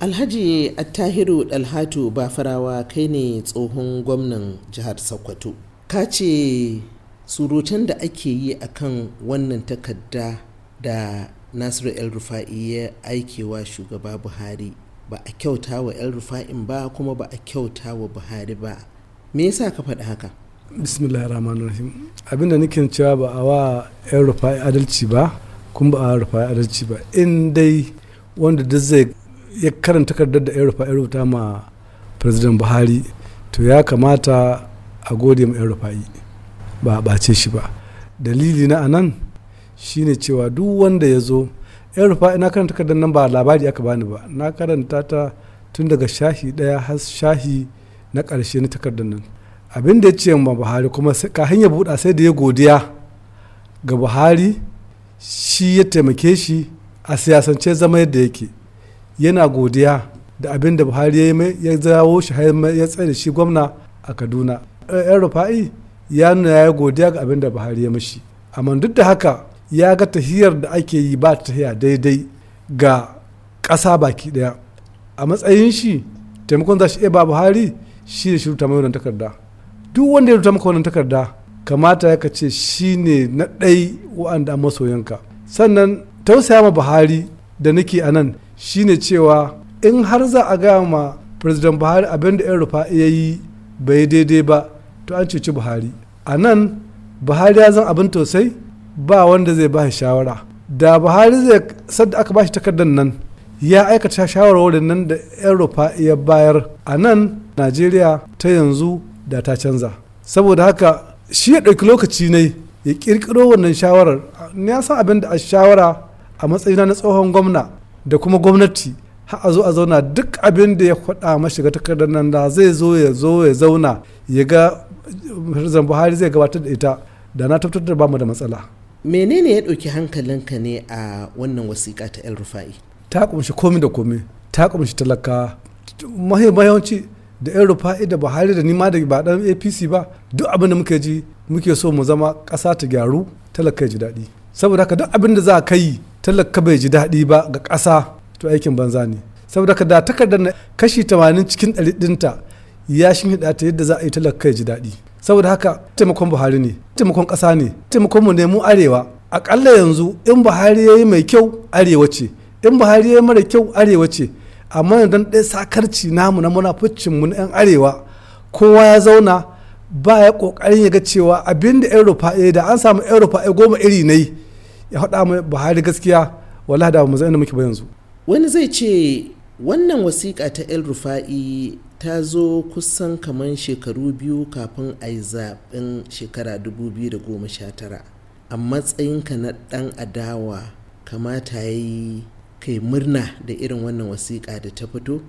alhaji attahiru dalhatu ba farawa kai ne tsohon gwamnan jihar sokoto ka ce surutan da ake yi a kan wannan takarda da nasiru el rufa'i ya aikewa shugaba buhari ba a kyauta wa el rufa'in ba kuma ba a kyauta wa buhari ba me yasa ka faɗi haka bismillah rahman rahim nake cewa ba a wa el rufa'i adalci ba kuma ba a rufa'i adalci ba in dai wanda duk zai ya karanta takardar da ya rubuta ma president buhari to ya kamata a gode ma 'yan rufa'i ba a ɓace shi ba dalili na anan shine cewa duk wanda ya zo 'yan rufa'i na karanta takardar nan ba labari aka bani ba na karanta ta tun daga shahi ɗaya har shahi na karshe na takardar nan abin da ya ce ma buhari kuma ka hanyar buɗa sai da ya godiya ga buhari shi ya taimake shi a siyasance zama yadda yake yana godiya da abin da buhari ya yi mai ya zawo shi ya tsaye shi gwamna a kaduna yan rufa'i ya nuna ya yi godiya ga abin da buhari ya mashi amma duk da haka ya ga tahiyar da ake yi ba tahiya daidai ga ƙasa baki ɗaya a matsayin shi taimakon za shi iya ba buhari shi ne shi rubuta mai wannan takarda duk wanda ya rubuta maka wannan takarda kamata ya kace shi ne na ɗai wa'anda masoyanka sannan tausaya ma buhari da nake a nan shine cewa in har za a gaya ma president buhari abinda da 'yan rufa ya yi bai daidai ba to an cuci buhari a nan buhari ya zan abin tosai ba wanda zai ba shawara da buhari zai sadda aka ba shi takardar nan ya aikata shawarwarin nan da 'yan rufa ya bayar a nan najeriya ta yanzu da ta canza saboda haka shi ya ɗauki lokaci ne ya ƙirƙiro wannan shawarar ya san abin da a shawara a matsayina na tsohon gwamna da kuma gwamnati har a zo a zauna duk abin da ya faɗa mashiga takardar nan da zai zo ya zo ya zauna ya ga firzan Buhari zai gabatar da ita da na tabbatar ba mu da matsala. Menene ya ɗauki hankalinka ne a wannan wasiƙa ta El Rufa'i? Ta kumshi komi da komi, ta kumshi talaka, mahimmanci da El Rufa'i da Buhari da nima da ba dan APC ba duk abin da muke ji muke so mu zama ƙasa ta gyaru talaka ya ji daɗi. Saboda haka duk abin da za ka yi talaka bai ji daɗi ba ga ƙasa to aikin banza ne saboda ka da takardar na kashi tamanin cikin ɗari ɗinta ya shi ta yadda za a yi talaka ya ji daɗi saboda haka taimakon buhari ne taimakon ƙasa ne taimakon mu ne mu arewa aƙalla yanzu in buhari ya yi mai kyau arewa ce in buhari ya yi mara kyau arewa ce amma dan ɗaya sakarci namu na munafucin mu na 'yan arewa kowa ya zauna ba ya ƙoƙarin ya ga cewa abinda da da an samu yan goma iri na yi ya haɗa mu buhari gaskiya wala da mu zai muke ba yanzu wani zai ce wannan wasiƙa ta el rufa'i ta zo kusan kamar shekaru biyu kafin a yi zaɓen shekara 2019 a matsayinka na ɗan adawa kamata ya yi kai murna da irin wannan wasiƙa da ta fito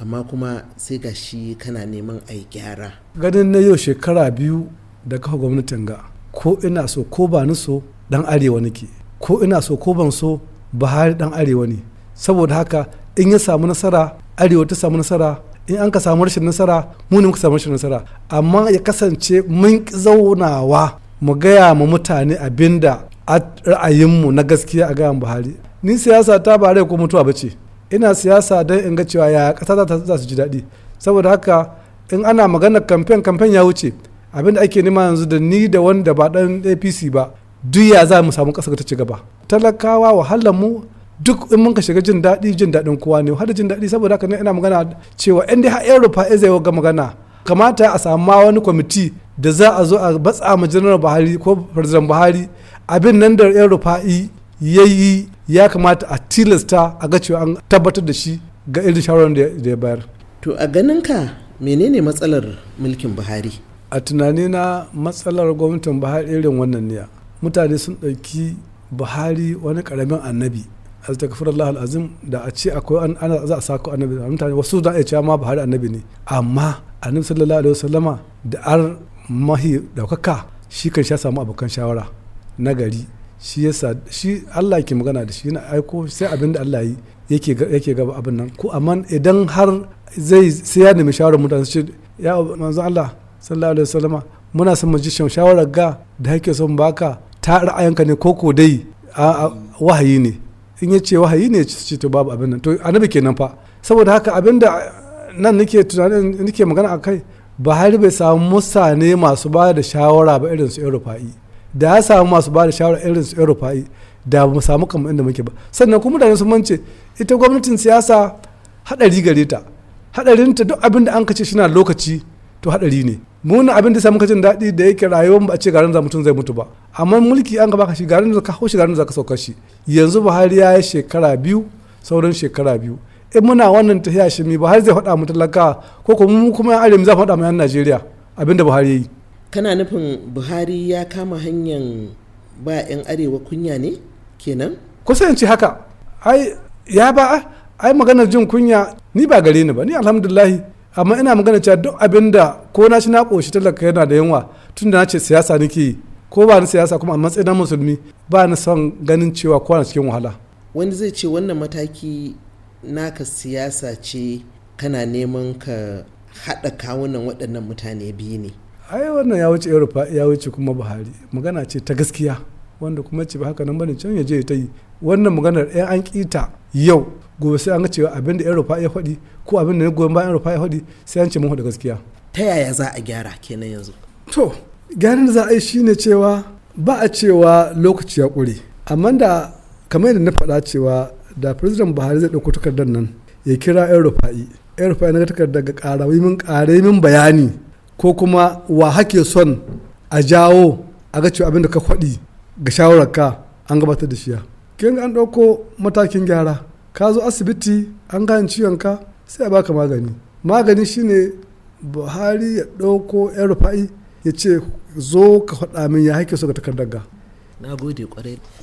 amma kuma sai ga shi kana neman a yi gyara ganin na yau shekara biyu da kafa gwamnatin ga ko ina so ko ba ni so ɗan arewa nake ko ina so ko ban so buhari dan arewa ne saboda haka in ya samu nasara arewa ta samu nasara in an ka samu rashin nasara mu ne muka samu rashin nasara amma ya kasance mun zaunawa mu gaya ma mutane abinda a ra'ayinmu na gaskiya a gayan buhari ni siyasa ta ba rai ko mutuwa bace ina siyasa don in ga cewa ya kasa za su ji daɗi saboda haka in ana magana kamfen kamfen ya wuce abinda ake nema yanzu da ni da wanda ba dan apc ba duk ya za mu samu ƙasar ta ci gaba talakawa wahalar mu duk in mun ka shiga jin daɗi jin daɗin kowa ne har jin daɗi saboda haka ne ina magana cewa in dai har yan rufa zai ga magana kamata a samu ma wani kwamiti da za a zo a batsa ma janar buhari ko farzan buhari abin nan da yan rufa'i ya yi ya kamata a tilasta a ga cewa an tabbatar da shi ga irin shawarar da ya bayar to a ganin ka menene matsalar mulkin buhari a tunanina matsalar gwamnatin buhari irin wannan ne mutane sun ɗauki buhari wani ƙaramin annabi a Allah alazim da a ce akwai ana za a sako annabi mutane wasu za a ce ma buhari annabi ne amma annabi sallallahu alaihi wasallama da ar mahi daukaka shi kan sha samu abokan shawara na gari shi yasa shi Allah ke magana da shi yana aiko sai abin da Allah yi yake yake gaba abin nan ko amma idan har zai sai ya nemi shawarar mutane su ce ya manzo Allah sallallahu alaihi wasallama muna son mu ji shawarar ga da kake son baka ta ra'ayinka ne koko dai a wahayi ne in ya ce wahayi ne ce to babu abin nan to annabi kenan fa saboda haka abin da nan nake tunanin nake magana a kai buhari bai samu mutane masu ba da shawara ba irin su rufa'i da ya samu masu ba da shawara irin su rufa'i da ba mu samu kamar inda muke ba sannan kuma mutane sun mance ita gwamnatin siyasa hadari gare ta hadarin ta duk abin da an kace shi na lokaci to hadari ne muna abin da muka jin daɗi da yake rayuwar ba a ce garin za mutum zai mutu ba amma mulki an gaba ka shi garin da ka hau shi garin da ka sauka shi yanzu buhari ya yi shekara biyu sauran shekara biyu in muna wannan ta tafiya shi mi buhari zai faɗa mu talaka ko kuma mu kuma yan arewa za faɗa mu yan najeriya abin da buhari ya yi. kana nufin buhari ya kama hanyar ba yan arewa kunya ne kenan. kusa ce haka ai ya ba ai maganar jin kunya ni ba gare ni ba ni alhamdulillahi amma ina magana cewa duk abin da ko na ci na koshi talaka yana da yunwa tun da na ce siyasa nake yi ko ba ni siyasa kuma a matsayin na musulmi ba ni son ganin cewa ko na cikin wahala wani zai ce wannan mataki naka siyasa ce kana neman ka haɗa kawunan waɗannan mutane biyu ne ai wannan ya wuce europa ya wuce kuma buhari magana ce ta gaskiya wanda kuma ce ba haka nan bane can ya je ta yi wannan maganar ɗaya an ƙita yau gobe sai an ga cewa abin da yan rufa ya faɗi ko abin da na goyon bayan rufa ya faɗi sai an ce mun faɗi gaskiya ta yaya za a gyara kenan yanzu to gyaran da za a yi shine cewa ba a cewa lokaci ya ƙure amma da kamar yadda na faɗa cewa da president buhari zai ɗauko takardar nan ya kira yan rufa'i yan rufa'i na takardar ga ƙaramin bayani ko kuma wa hake son a jawo a ga cewa abin da ka faɗi ga shawararka an gabatar da shiya kin an ɗauko matakin gyara ka zo asibiti an gane ciwon ka sai a baka magani magani shine buhari ya ɗauko yan rufa'i ya ce zo ka faɗa min ya haike so ga takardar ga na gode kwarai